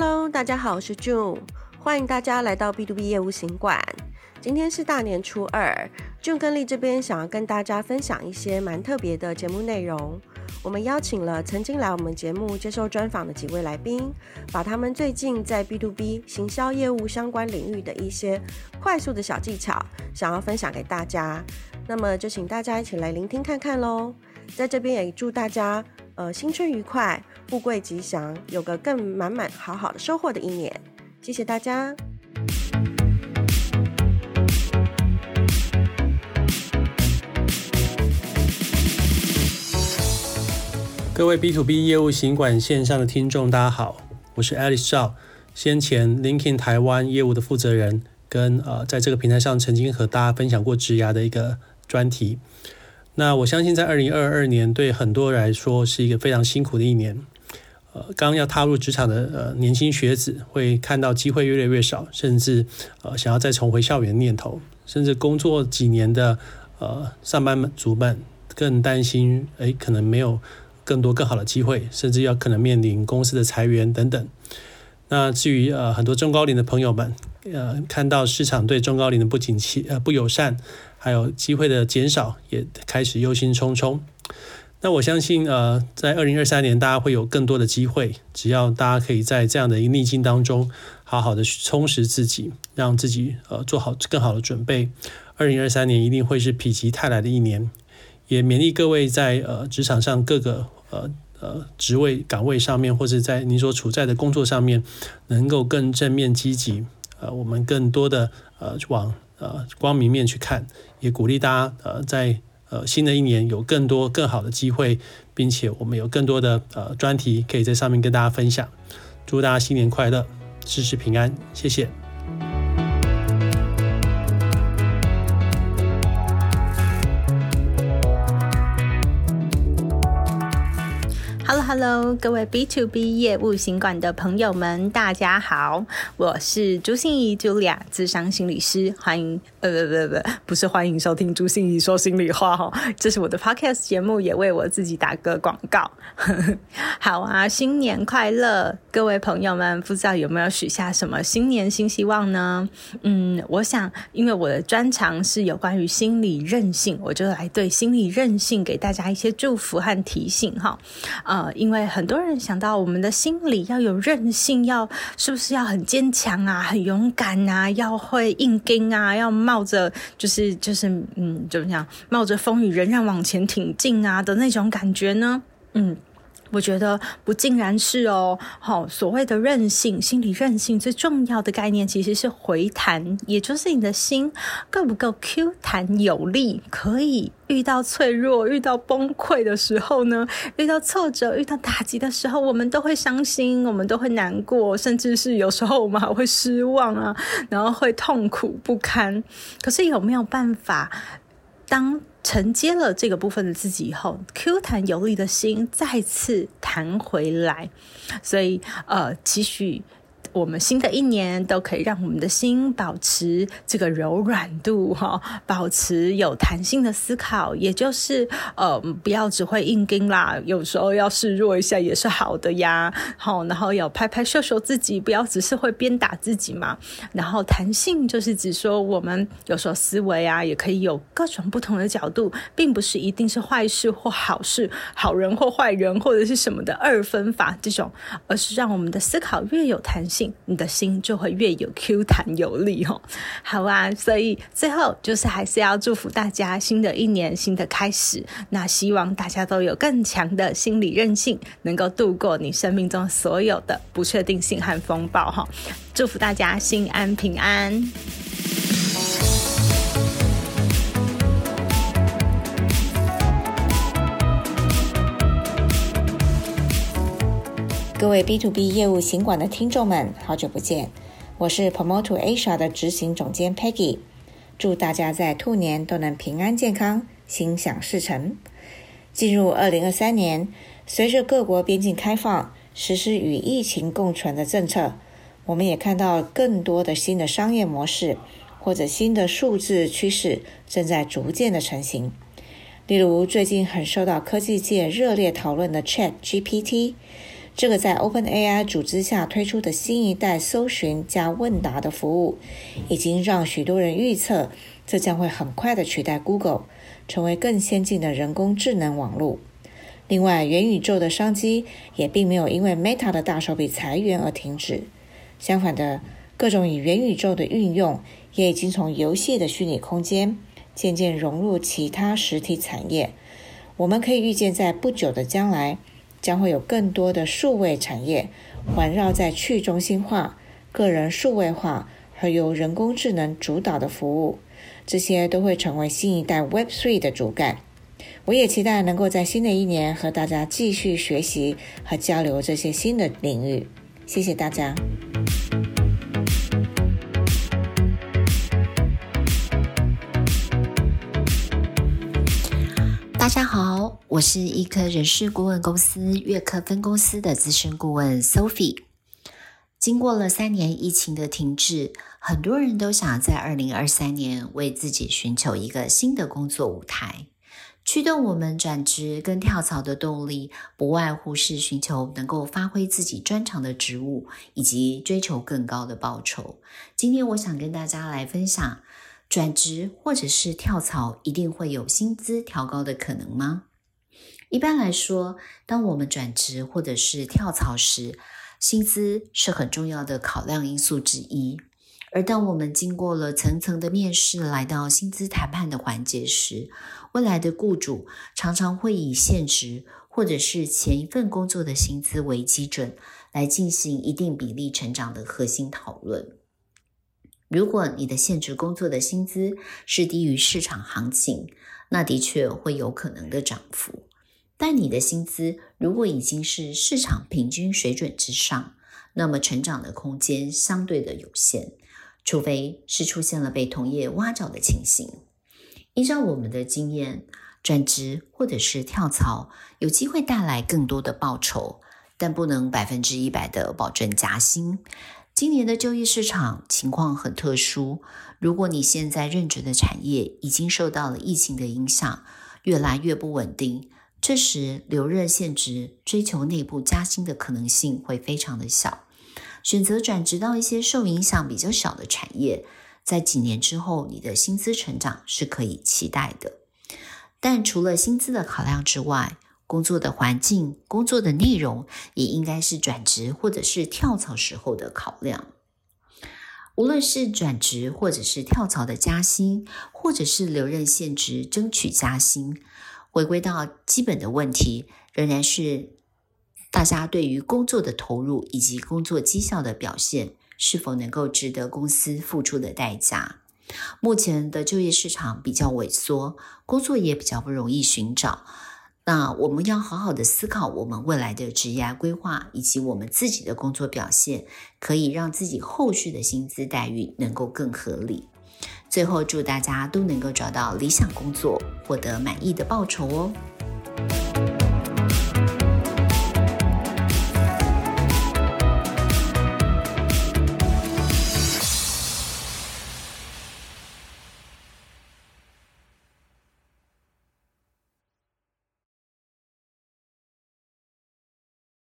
Hello，大家好，我是 June，歡迎大家來到 B2B 業務行館。今天是大年初二，June 跟麗這邊想要跟大家分享一些蠻特別的節目內容。我們邀請了曾經來我們節目接受專訪的幾位來賓，把他們最近在 B2B 行銷業務相關領域的一些快速的小技巧，想要分享給大家。那麼就請大家一起來聆聽看看嘍。在這邊也祝大家呃新春愉快。富貴吉祥，有個更滿滿好好的收穫的一年，謝謝大家。各位 B to B 業務行館線上的聽眾，大家好，我是 Alice 趙，先前 LinkedIn 台灣業務的負責人跟，跟呃在這個平台上曾經和大家分享過職涯的一個專題。那我相信，在二零二二年對很多人來說是一個非常辛苦的一年。呃，剛要踏入職場的呃年輕學子會看到機會越來越少，甚至呃想要再重回校園的念頭，甚至工作幾年的呃上班族們主更擔心，誒，可能沒有更多更好的機會，甚至要可能面臨公司的裁員等等。那至於呃很多中高齡的朋友們，呃看到市場對中高齡的不景氣呃不友善，還有機會的減少，也開始憂心忡忡。那我相信，呃，在二零二三年，大家會有更多的機會。只要大家可以在這樣的一個逆境當中，好好的去充實自己，讓自己呃做好更好的準備，二零二三年一定會是否極泰來的一年。也勉勵各位在呃職場上各個呃呃職位崗位上面，或者在您所處在的工作上面，能夠更正面積極，呃，我們更多的呃往呃光明面去看。也鼓勵大家呃在。呃，新的一年有更多更好的機會，並且我們有更多的呃專題可以在上面跟大家分享。祝大家新年快樂，事事平安，謝謝。Hello Hello，各位 B to B 業務行館的朋友們，大家好，我是朱芯儀 Julia，諮商心理師，歡迎。呃，不、嗯，不、嗯，不、嗯，不是歡迎收聽《朱芯儀說心裡話》，這是我的 podcast 節目，也為我自己打個廣告。 好啊，新年快樂，各位朋友們，不知道有沒有許下什麼新年新希望呢？嗯，我想，因為我的專長是有關於心理韌性，我就來對心理韌性給大家一些祝福和提醒哈。呃，因為很多人想到我們的心理要有韌性，要，是不是要很堅強啊，很勇敢啊，要會硬撐啊，要。冒着，就是就是嗯，怎麼講？冒着風雨仍然往前挺進啊的那種感覺呢？嗯。我覺得不盡然是哦，好，所謂的韌性，心理韌性最重要的概念其實是回彈，也就是你的心夠不夠 Q 彈有力，可以遇到脆弱、遇到崩潰的時候呢，遇到挫折、遇到打擊的時候，我們都會傷心，我們都會難過，甚至是有時候我們還會失望啊，然後會痛苦不堪。可是有沒有辦法？當承接了這個部分的自己以後，Q 彈有力的心再次彈回來，所以呃，繼續。我們新的一年都可以讓我們的心保持這個柔軟度，保持有彈性的思考，也就是呃，不要只會硬釘啦，有時候要示弱一下也是好的呀。好，然後要拍拍秀秀自己，不要只是會鞭打自己嘛。然後彈性就是指說，我們有時候思維啊，也可以有各種不同的角度，並不是一定是壞事或好事，好人或壞人或者是什麼的二分法這種，而是讓我們的思考越有彈性。你的心就會越有 Q 彈有力哦，好啊！所以最後就是還是要祝福大家新的一年新的開始，那希望大家都有更強的心理韌性，能夠度過你生命中所有的不確定性和風暴哈、哦！祝福大家心安平安。各位 B to B 業務行館的聽眾們，好久不見！我是 Promote Asia 的執行總監 Peggy。祝大家在兔年都能平安健康、心想事成。進入二零二三年，隨着各國邊境開放，實施與疫情共存的政策，我們也看到更多的新的商業模式或者新的數字趨勢正在逐漸的成型。例如，最近很受到科技界熱烈討論的 ChatGPT。這個在 OpenAI 組織下推出的新一代搜尋加問答的服務，已經讓許多人預測，這將會很快的取代 Google，成為更先進的人工智能網絡。另外，元宇宙的商機也並沒有因為 Meta 的大手筆裁員而停止。相反的，各種以元宇宙的運用，也已經從遊戲的虛擬空間，漸漸融入其他實體產業。我們可以預見，在不久的將來，將會有更多的數位產業環繞在去中心化、個人數位化和由人工智能主導的服務，這些都會成為新一代 Web3 的主幹。我也期待能夠在新的一年和大家繼續學習和交流這些新的領域。謝謝大家。大家好。我是一科人事顧問公司粵科分公司的資深顧問 Sophie。經過了三年疫情的停滯，很多人都想在二零二三年為自己尋求一個新的工作舞台。驅動我們轉職跟跳槽的動力，不外乎是尋求能夠發揮自己專長的職務，以及追求更高的報酬。今天我想跟大家來分享，轉職或者是跳槽，一定會有薪資調高的可能嗎？一般來說，當我們轉職或者是跳槽時，薪資是很重要的考量因素之一。而當我們經過了層層的面試，來到薪資談判的環節時，未來的雇主常常會以現職或者是前一份工作的薪資為基準，來進行一定比例成長的核心討論。如果你的現職工作的薪資是低於市場行情，那的確會有可能的漲幅。但你的薪資如果已經是市場平均水準之上，那麼成長的空間相對的有限，除非是出現了被同業挖角的情形。依照我們的經驗，轉職或者是跳槽有機會帶來更多的報酬，但不能百分之一百的保證加薪。今年的就業市場情況很特殊，如果你現在任職的產業已經受到了疫情的影響，越來越不穩定。這時留任現職，追求內部加薪的可能性會非常的小，選擇轉職到一些受影響比較小的產業，在幾年之後你的薪資成長是可以期待的。但除了薪資的考量之外，工作的環境、工作的內容也應該是轉職或者是跳槽時候的考量。無論是轉職或者是跳槽的加薪，或者是留任現職爭取加薪。回歸到基本的問題，仍然是大家對於工作的投入以及工作績效的表現是否能夠值得公司付出的代價。目前的就業市場比較萎縮，工作也比較不容易尋找。那我們要好好的思考我們未來的職業規劃以及我們自己的工作表現，可以讓自己後續的薪資待遇能夠更合理。最後，祝大家都能夠找到理想工作，獲得滿意的報酬哦。